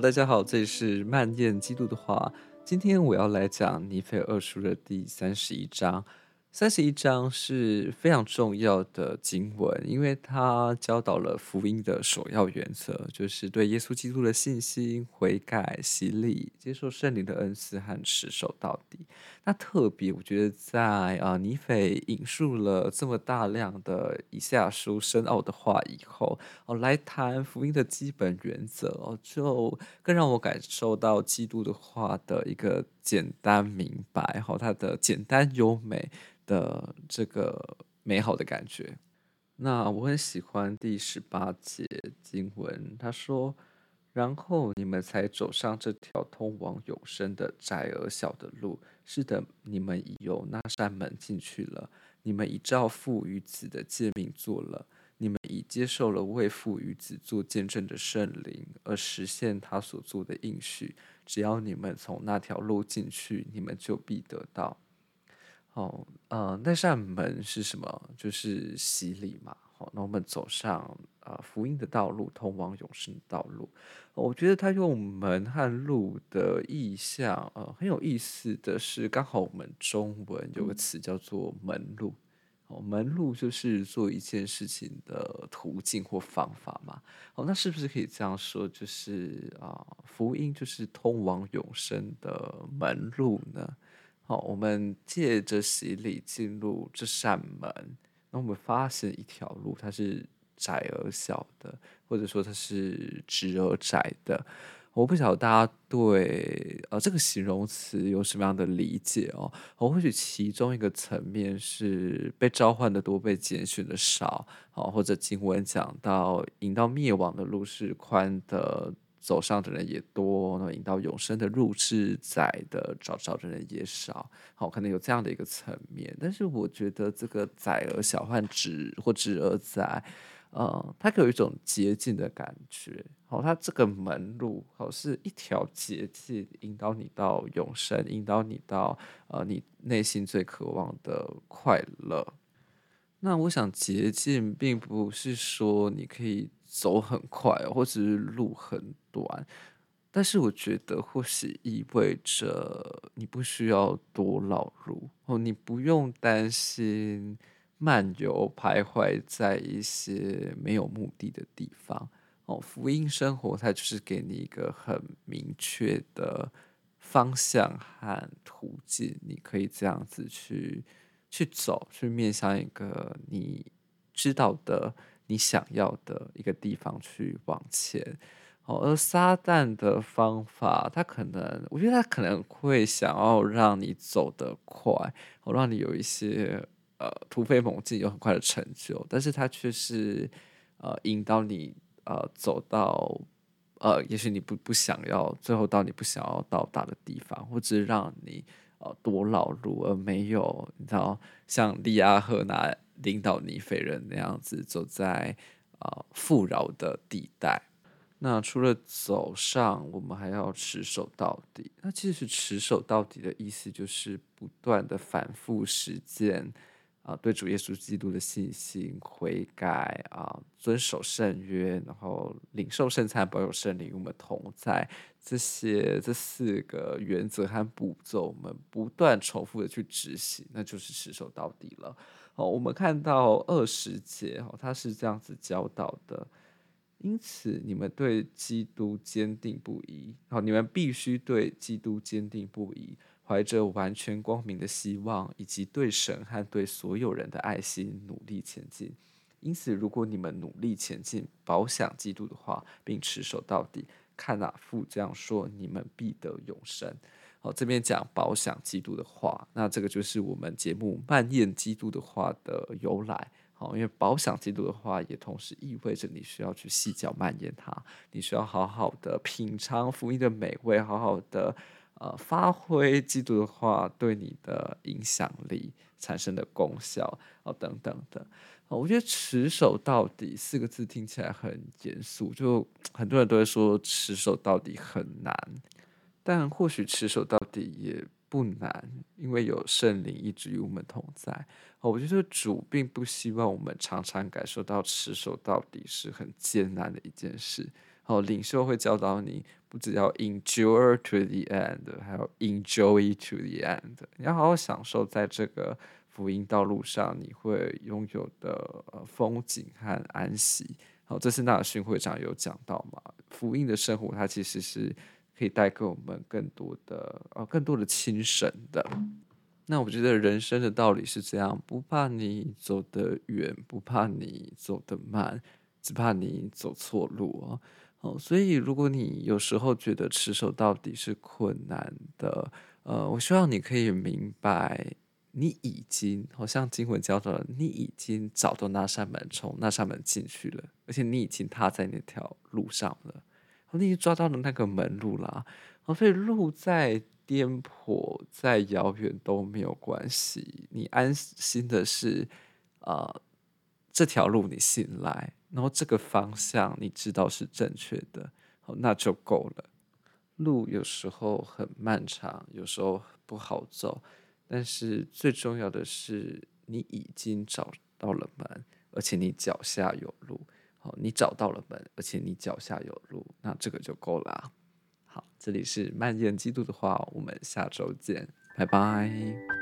大家好，這裡是漫燕基督的話，今天我要來講《尼腓二書》的第三十一章。三十一章是非常重要的經文，因為它教導了福音的首要原則，就是對耶穌基督的信心、悔改、洗禮、接受聖靈的恩賜和持守到底。那特別，我覺得在啊、呃、尼腓引述了這麼大量的以賽亞書深奧的話以後，哦，來談福音的基本原則哦，就更讓我感受到基督的話的一個簡單明白，哈、哦，它的簡單優美。的這個美好的感覺，那我很喜歡第十八節經文，他說：“然後你們才走上這條通往永生的窄而小的路。是的，你們已由那扇門進去了，你們已照父與子的誡命做了，你們已接受了為父與子做見證的聖靈，而實現他所做的應許。只要你們從那條路進去，你們就必得到。”哦，呃，那扇門是什麼？就是洗禮嘛。哦，那我們走上，呃，福音的道路，通往永生的道路。哦，我覺得他用門和路的意象，呃，很有意思的是，剛好我們中文有個詞叫做門路。哦，門路就是做一件事情的途徑或方法嘛。哦，那是不是可以這樣說，就是啊，呃，福音就是通往永生的門路呢？好，我們借着洗禮進入這扇門，那我們發現一條路，它是窄而小的，或者說它是直而窄的。我不曉得大家對呃這個形容詞有什麼樣的理解哦。我或許其中一個層面是被召喚的多，被揀選的少。哦，或者經文講到，引到滅亡的路是寬的。走上的人也多，那麼引到永生的入智窄的找找的人也少，好、哦、可能有這樣的一個層面。但是我覺得這個窄而小患直或直而窄，嗯，它可以有一種捷徑的感覺。好、哦，它這個門路好、哦、是一條捷徑，引導你到永生，引導你到呃你內心最渴望的快樂。那我想捷徑並不是說你可以。走很快，或者是路很短，但是我覺得，或許意味着你不需要多勞碌哦，你不用擔心漫遊徘徊在一些沒有目的的地方哦。福音生活，它就是給你一個很明確的方向和途徑，你可以這樣子去去走，去面向一個你知道的。你想要的一個地方去往前，哦，而撒旦的方法，他可能，我覺得他可能會想要讓你走得快，哦，讓你有一些呃突飛猛進，有很快的成就，但是他卻是呃引導你呃走到呃，也許你不不想要，最後到你不想要到達的地方，或者讓你呃多繞路，而沒有你知道像利阿賀拿。領導尼腓人那樣子走在啊，富饒的地帶。那除了走上，我們還要持守到底。那其實持守到底的意思，就是不斷的反復實踐。啊，對主耶穌基督的信心、悔改啊，遵守聖約，然後領受聖餐、保有聖靈我們同在，這些這四個原則和步驟，我們不斷重複的去執行，那就是持守到底了。好，我們看到二十節哦，它是這樣子教導的：因此，你們對基督堅定不移。好，你們必須對基督堅定不移。懷着完全光明的希望，以及對神和對所有人的愛心，努力前進。因此，如果你們努力前進，飽享基督的話，並持守到底，看哪父這樣說，你們必得永生。好、哦，這邊講飽享基督的話，那這個就是我們節目慢嚥基督的話的由來。好、哦，因為飽享基督的話，也同時意味着你需要去細嚼慢咽它，你需要好好的品嘗福音的美味，好好的。呃，發揮基督的話對你的影響力產生的功效哦，等等的。哦，我覺得持守到底四個字聽起來很嚴肅，就很多人都會說持守到底很難，但或許持守到底也不難，因為有聖靈一直與我們同在。哦，我覺得主並不希望我們常常感受到持守到底是很艱難的一件事。好，領袖會教導你，不只要 endure to the end，還有 enjoy to the end。你要好好享受在這個福音道路上你會擁有的風景和安息。好，這次納爾遜會長有講到嘛？福音的生活，它其實是可以帶給我們更多的，呃，更多的清神的。那我覺得人生的道理是這樣：不怕你走得遠，不怕你走得慢，只怕你走錯路啊、哦。哦、所以如果你有時候覺得持守到底是困難的，呃，我希望你可以明白，你已經好、哦、像經文叫做你已經找到那扇門，從那扇門進去了，而且你已經踏在那條路上了、哦，你已經抓到了那個門路啦、啊哦。所以路再顛簸再遙遠都沒有關係，你安心的是啊。呃這條路你信賴，然後這個方向你知道是正確的，好，那就夠了。路有時候很漫長，有時候不好走，但是最重要的是你已經找到了門，而且你腳下有路。好，你找到了門，而且你腳下有路，那這個就夠了。好，這裡是蔓延基督的話，我們下周見，拜拜。